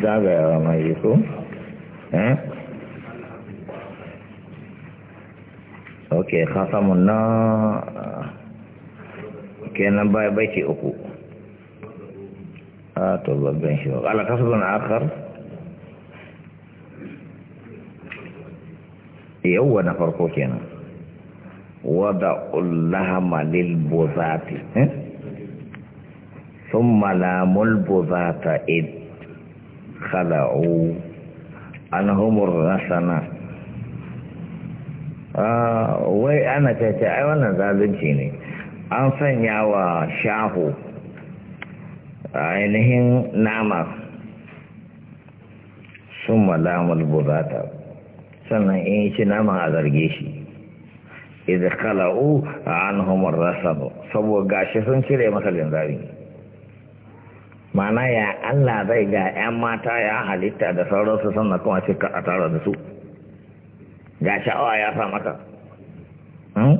zagayawa mai yi eh? ok na kenan bai baiti uku a ah, to babban shi wa akar yawwa na farko kenan wada ullahama lil bozati ثم لام البذات إذ khala'u anhumur rasana ah, wai ana ce ai wannan zalunci ne an sanya wa shahu ainihin nama sun malamul buzata sannan in ci nama a zarge shi idan kala'u a anahumar rasana saboda gashi sun cire masa linzari mana ya Allah zai ga 'yan mata ya halitta da sauransu sannan kuma sai ka tara da su ga sha'awa ya sa mata hmm?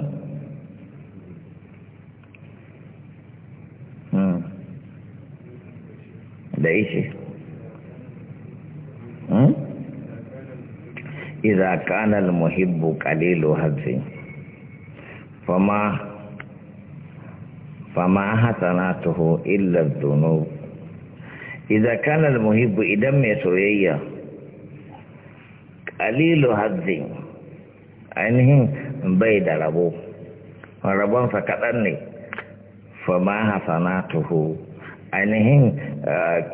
hmm. da ishe hmm? iza kanal muhibbu kalilu hadzi fama fama hatanatuhu illa dhunub idan kana muhibbu idan mai soyayya qalilu hazzin ainihin bai da rabo rabon sa kadan ne fa ma hasanatuhu ainihin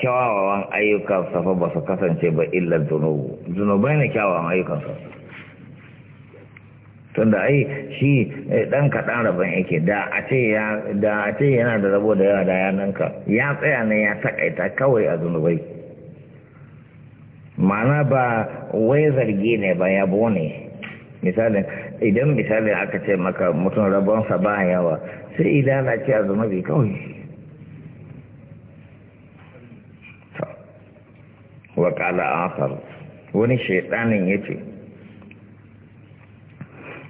kyawawan sa fa ba su kasance ba illa zunubu zunubai ne kyawawan sa tunda ai shi dan eh, kaɗan rabon yake da a ce yana da rabo da yawa da yananka ya tsaya ne ya takaita kawai a zunubai mana ba wai zargi ne ba yabo ne misalin idan misalin aka ce maka mutum rabonsa ba yawa sai idan ce a zunubi kawai wakala a wani ya yace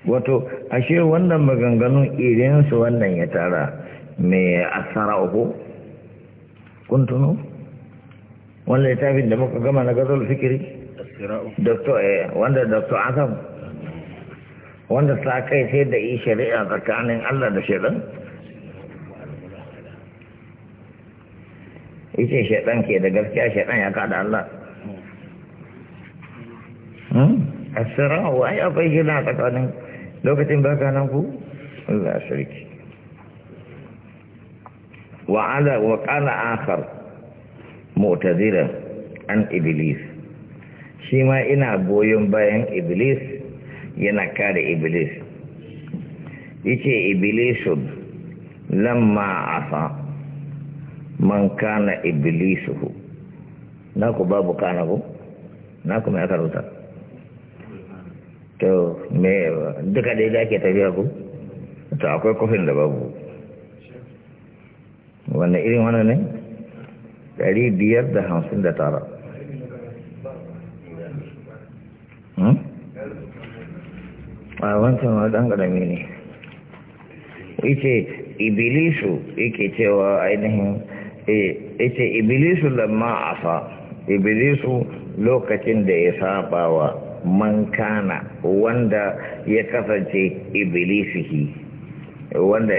wato ashe wannan maganganun irin su wannan ya tara mai asara uku kun tuno wannan littafin da muka gama na gazal fikiri eh, wanda dr azam wanda sa kai sai da yi shari'a tsakanin Allah da shaidan ita shaidan ke da gaskiya shaidan ya kada Allah hmm? asira wa ai akwai shi tsakanin lokacin baka nan ku Allah shirki wa ala wa kana akhar mu'tazira an iblis shi ma ina goyon bayan iblis yana kare iblis yace iblis lamma asa man kana iblisuhu ku babu kana ku na ku mai aka rubuta to me duka dai da ke tafiya ku to akwai kofin da babu wannan irin wannan ne ɗari biyar da hamsin da tara hmm? a wancan wani ɗan ƙarami ne ice ibilisu yake cewa ainihin ice eh, ibilisu lamma afa ibilisu lokacin da ya saba wa man kana wanda ya kasance ibilisihi wanda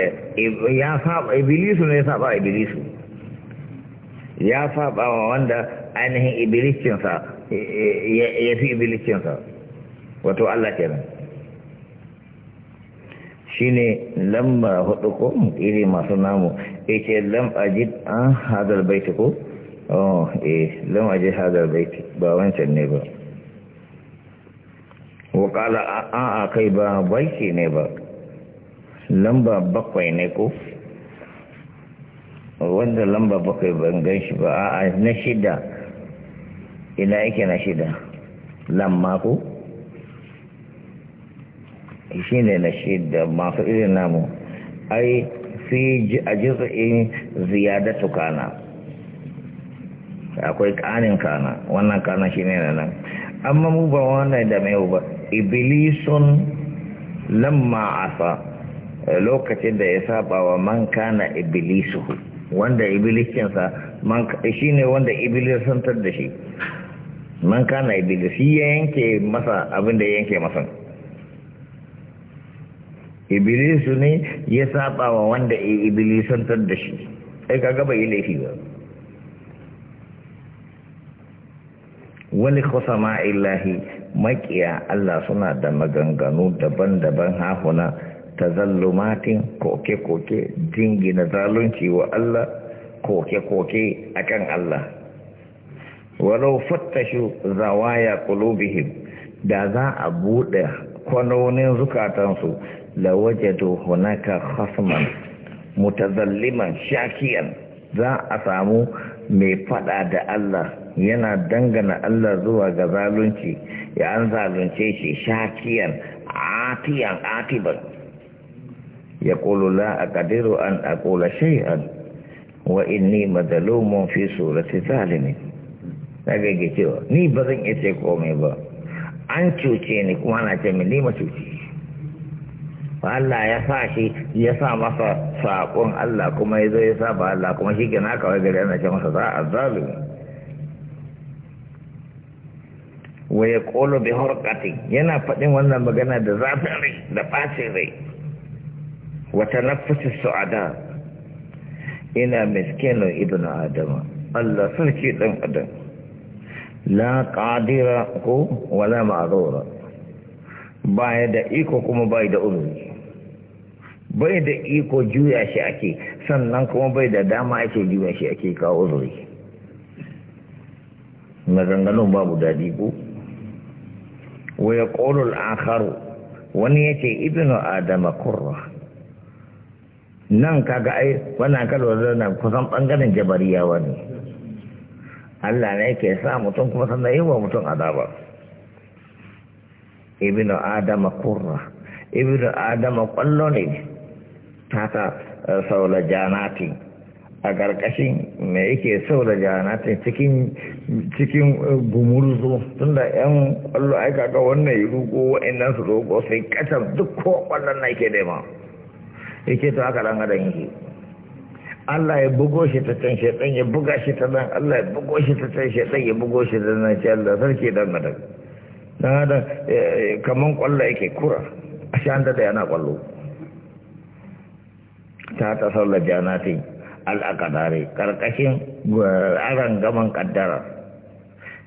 ya saba ibilisu ne ya saba ibilisu ya saba wa wanda ainihin ibilisinsa e-, e-, ya fi ibilisinsa wato Allah kenan shine lamba hudu ko iri masu namu ce lamba ajid an ah, hadar baiti ko oh eh lam ajid hadal baiti ba wancan ne ba wakala a a kai ba baiki ne ba lamba bakwai ne ko wanda lamba bakwai ban gan shi ba a na shida ina yake na shida lamma ko shi ne na shida masu irin namu ai fi a jirgin ziyada tukana akwai kanin kana wannan kana shi ne na nan amma mu ba wannan da mai ba iblisun lamma asa eh, lokacin da ya saba wa man kana iblisu wanda iblisinsa man eh, ne wanda iblisantar da shi man kana iblisi ya yanke masa abin da ya yanke masa iblisu ne ya saba wa wanda iblisantar da shi sai kaga bai laifi ba wani kusa illahi maƙiya Allah suna da maganganu daban-daban hafuna zallumatin koke-koke jingina zalunci wa Allah koke-koke a kan Allah walau fattashu zawaya kulubihim da za a buɗe kwanonin zukatansu la wajadu hunaka khasman mutazalliman shakiyan za a samu mai fada da Allah yana dangana Allah zuwa ga zalunci ya an zalunce shi shakiyan atiyan atiban ya kulu la a kadiru an a kula shay'an wa inni madalumun fi surati zalimi na ga cewa ni ba zan iya ce komai ba an cuce ni kuma na ce min ni ma cuce Allah ya sa shi ya sa masa saƙon Allah kuma ya zo ya sa ba Allah kuma shi ke na kawai gari ana ce masa za a zalimi waya ya bi horkatin yana faɗin wannan magana da zafin rai da ɓacin rai wata nafisin su'ada ina miskinin ibn adam Allah sarki ɗan adam la ƙadira ko wala ma'azora baya da iko kuma bai da uzuri bai da iko juya shi ake sannan kuma bai da dama ake juya shi ake kawo uzuri maganganun babu daɗi ko waya ya ƙolul akharu wani yake ce adama kurra nan kaga ai wannan kalwa zana kusan bangaren jabariya wani, Allah ne yake sa mutum kuma sannan yi wa mutum azaba ibnu adama kurra ibnu adama ƙwallo ne ta ta eh, saula janati a ƙarƙashin me yake sau da jana ta cikin eh, gumurzo tun da yan ƙwallo aika ga wannan yi rugo wa'annan su roƙo sai ƙasar duk ko ƙwallon na yake daima yake ta haka ɗan adam yake Allah ya bugo shi ta can shaɗan ya buga shi ta nan Allah ya bugo shi ta can shaɗan ya bugo shi ta nan shi Allah sarki dan adam dan adam eh, kaman ƙwallo yake kura a shi an da yana ƙwallo ta ta sallar jana ta yi al'akadari karkashin aran gaman kaddara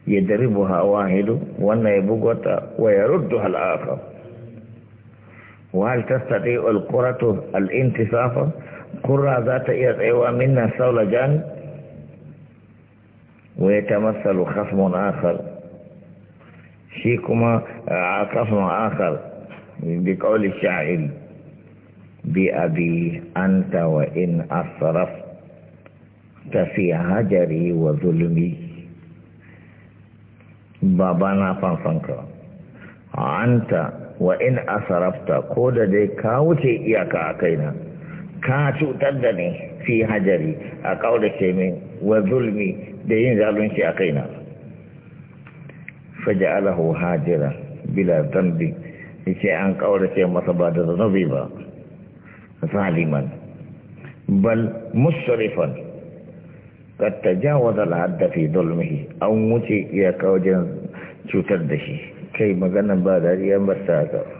ya daribu hawa hidu wannan ya bugota wa ya ruddu hal'afa wahal tastati alkuratu al'intisafa kurra za ta iya tsayawa minna saula jan wa ya tamassalu khasmun akar shi kuma a kasmon akar bi qawli sha'il bi abi anta wa in asarafta tafi hajari wa zulmi baba na fanfanka anta wa in asarafta ko da dai ka wuce iyaka a kaina ka cutar da ni fi hajari a kaurace min wa zulmi da yin zalunci a kaina faja'alahu hajira bila zambi ce an ce masa ba da zanobi ba zaliman bal musrifan katta ja wata hadd fi an wuce iyaka wajen cutar da shi kai maganan ba dariya masaka